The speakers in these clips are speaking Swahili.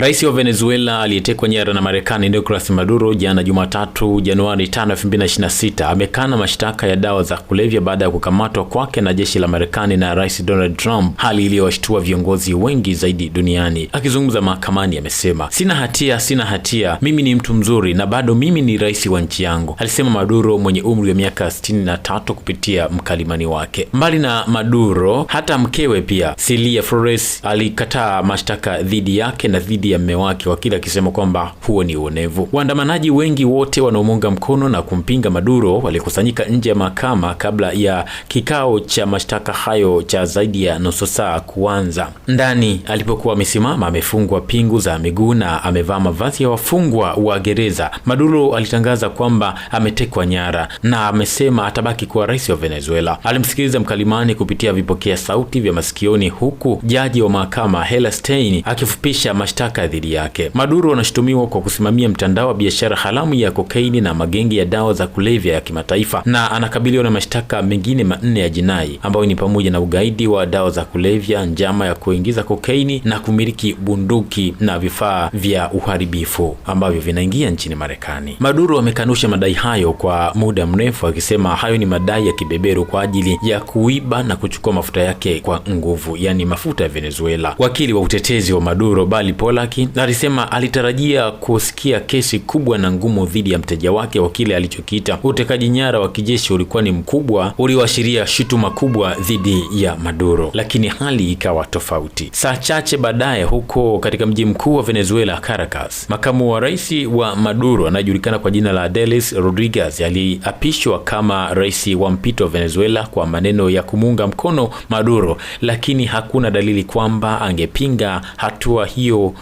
Rais wa Venezuela aliyetekwa nyara na Marekani Nicolas Maduro jana Jumatatu Januari 5, 2026 amekana mashtaka ya dawa za kulevya baada ya kukamatwa kwake na jeshi la Marekani na Rais Donald Trump, hali iliyowashtua viongozi wengi zaidi duniani. Akizungumza mahakamani, amesema sina hatia, sina hatia, mimi ni mtu mzuri na bado mimi ni rais wa nchi yangu, alisema Maduro mwenye umri wa miaka 63 kupitia mkalimani wake. Mbali na Maduro, hata mkewe pia Celia Flores alikataa mashtaka dhidi yake na dhidi dhidi ya mme wake, wakili akisema kwamba huo ni uonevu. Waandamanaji wengi wote wanaomuunga mkono na kumpinga Maduro walikusanyika nje ya mahakama kabla ya kikao cha mashtaka hayo cha zaidi ya nusu saa kuanza. Ndani alipokuwa amesimama amefungwa pingu za miguu na amevaa mavazi ya wafungwa wa gereza, Maduro alitangaza kwamba ametekwa nyara na amesema atabaki kuwa rais wa Venezuela. Alimsikiliza mkalimani kupitia vipokea sauti vya masikioni, huku jaji wa mahakama Hela Stein akifupisha mashtaka mashtaka dhidi yake. Maduro anashutumiwa kwa kusimamia mtandao wa biashara haramu ya kokaini na magengi ya dawa za kulevya ya kimataifa na anakabiliwa na mashtaka mengine manne ya jinai ambayo ni pamoja na ugaidi wa dawa za kulevya, njama ya kuingiza kokaini na kumiliki bunduki na vifaa vya uharibifu ambavyo vinaingia nchini Marekani. Maduro amekanusha madai hayo kwa muda mrefu, akisema hayo ni madai ya kibeberu kwa ajili ya kuiba na kuchukua mafuta yake kwa nguvu, yani mafuta ya Venezuela. Wakili wa utetezi wa Maduro Bali Pola Mtalaki alisema alitarajia kusikia kesi kubwa na ngumu dhidi ya mteja wake wa kile alichokiita utekaji nyara wa kijeshi ulikuwa ni mkubwa, ulioashiria shutuma kubwa dhidi ya Maduro, lakini hali ikawa tofauti. Saa chache baadaye, huko katika mji mkuu wa Venezuela Caracas, makamu wa rais wa Maduro anayejulikana kwa jina la Delis Rodriguez aliapishwa kama rais wa mpito wa Venezuela kwa maneno ya kumuunga mkono Maduro, lakini hakuna dalili kwamba angepinga hatua hiyo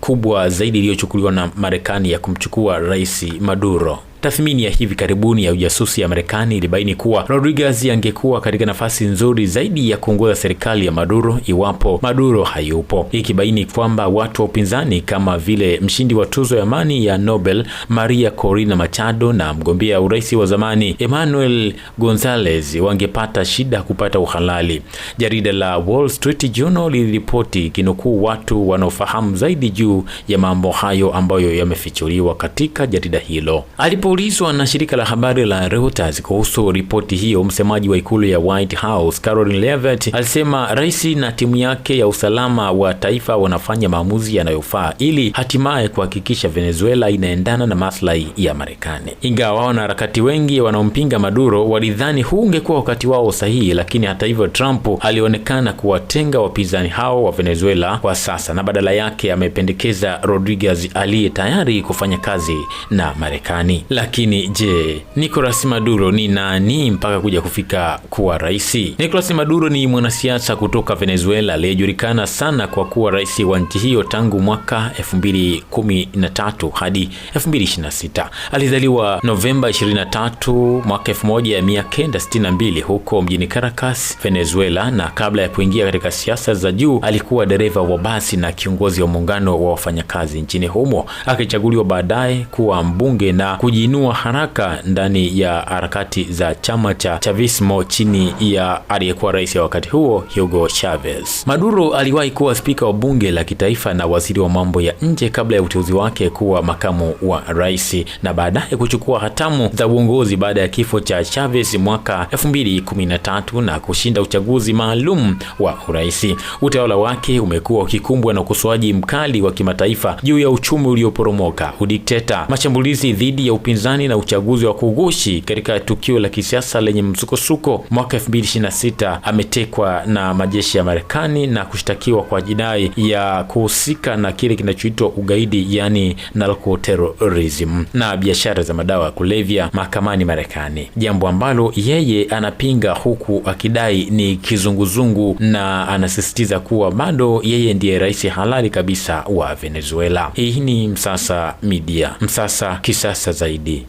kubwa zaidi iliyochukuliwa na Marekani ya kumchukua Rais Maduro. Tathmini ya hivi karibuni ya ujasusi ya Marekani ilibaini kuwa Rodriguez angekuwa katika nafasi nzuri zaidi ya kuongoza serikali ya Maduro iwapo Maduro hayupo, ikibaini kwamba watu wa upinzani kama vile mshindi wa tuzo ya amani ya Nobel Maria Corina Machado na mgombea urais wa zamani Emmanuel Gonzalez wangepata shida kupata uhalali. Jarida la Wall Street Journal liliripoti kinukuu watu wanaofahamu zaidi juu juu ya mambo hayo ambayo yamefichuliwa katika jarida hilo. Alipoulizwa na shirika la habari la Reuters kuhusu ripoti hiyo, msemaji wa ikulu ya White House Caroline Leavitt alisema rais na timu yake ya usalama wa taifa wanafanya maamuzi yanayofaa ili hatimaye kuhakikisha Venezuela inaendana na maslahi ya Marekani. Ingawa wanaharakati wengi wanaompinga Maduro walidhani huu ungekuwa wakati wao sahihi, lakini hata hivyo Trump alionekana kuwatenga wapinzani hao wa Venezuela kwa sasa na badala yake amependekeza kumpendekeza Rodriguez aliye tayari kufanya kazi na Marekani. Lakini je, Nicolas Maduro ni nani mpaka kuja kufika kuwa rais? Nicolas Maduro ni mwanasiasa kutoka Venezuela aliyejulikana sana kwa kuwa rais wa nchi hiyo tangu mwaka 2013 hadi 2026. Alizaliwa Novemba 23 mwaka 1962 huko mjini Caracas, Venezuela, na kabla ya kuingia katika siasa za juu alikuwa dereva wa basi na kiongozi wa muungano wa wafanyakazi nchini humo, akichaguliwa baadaye kuwa mbunge na kujiinua haraka ndani ya harakati za chama cha Chavismo chini ya aliyekuwa rais ya wakati huo Hugo Chavez. Maduro aliwahi kuwa spika wa bunge la kitaifa na waziri wa mambo ya nje kabla ya uteuzi wake kuwa makamu wa rais na baadaye kuchukua hatamu za uongozi baada ya kifo cha Chavez mwaka 2013 na kushinda uchaguzi maalum wa urais. Utawala wake umekuwa ukikumbwa na ukosoaji mkali wa kimataifa juu ya uchumi ulioporomoka, udikteta, mashambulizi dhidi ya upinzani na uchaguzi wa kugushi katika tukio la kisiasa lenye msukosuko mwaka 2026. Ametekwa na majeshi ya Marekani na kushtakiwa kwa jinai ya kuhusika na kile kinachoitwa ugaidi, yani narcoterrorism na biashara za madawa ya kulevya mahakamani Marekani, jambo ambalo yeye anapinga huku akidai ni kizunguzungu, na anasisitiza kuwa bado yeye ndiye rais halali kabisa wa wa Venezuela. Hii ni Msasa Media, Msasa kisasa zaidi.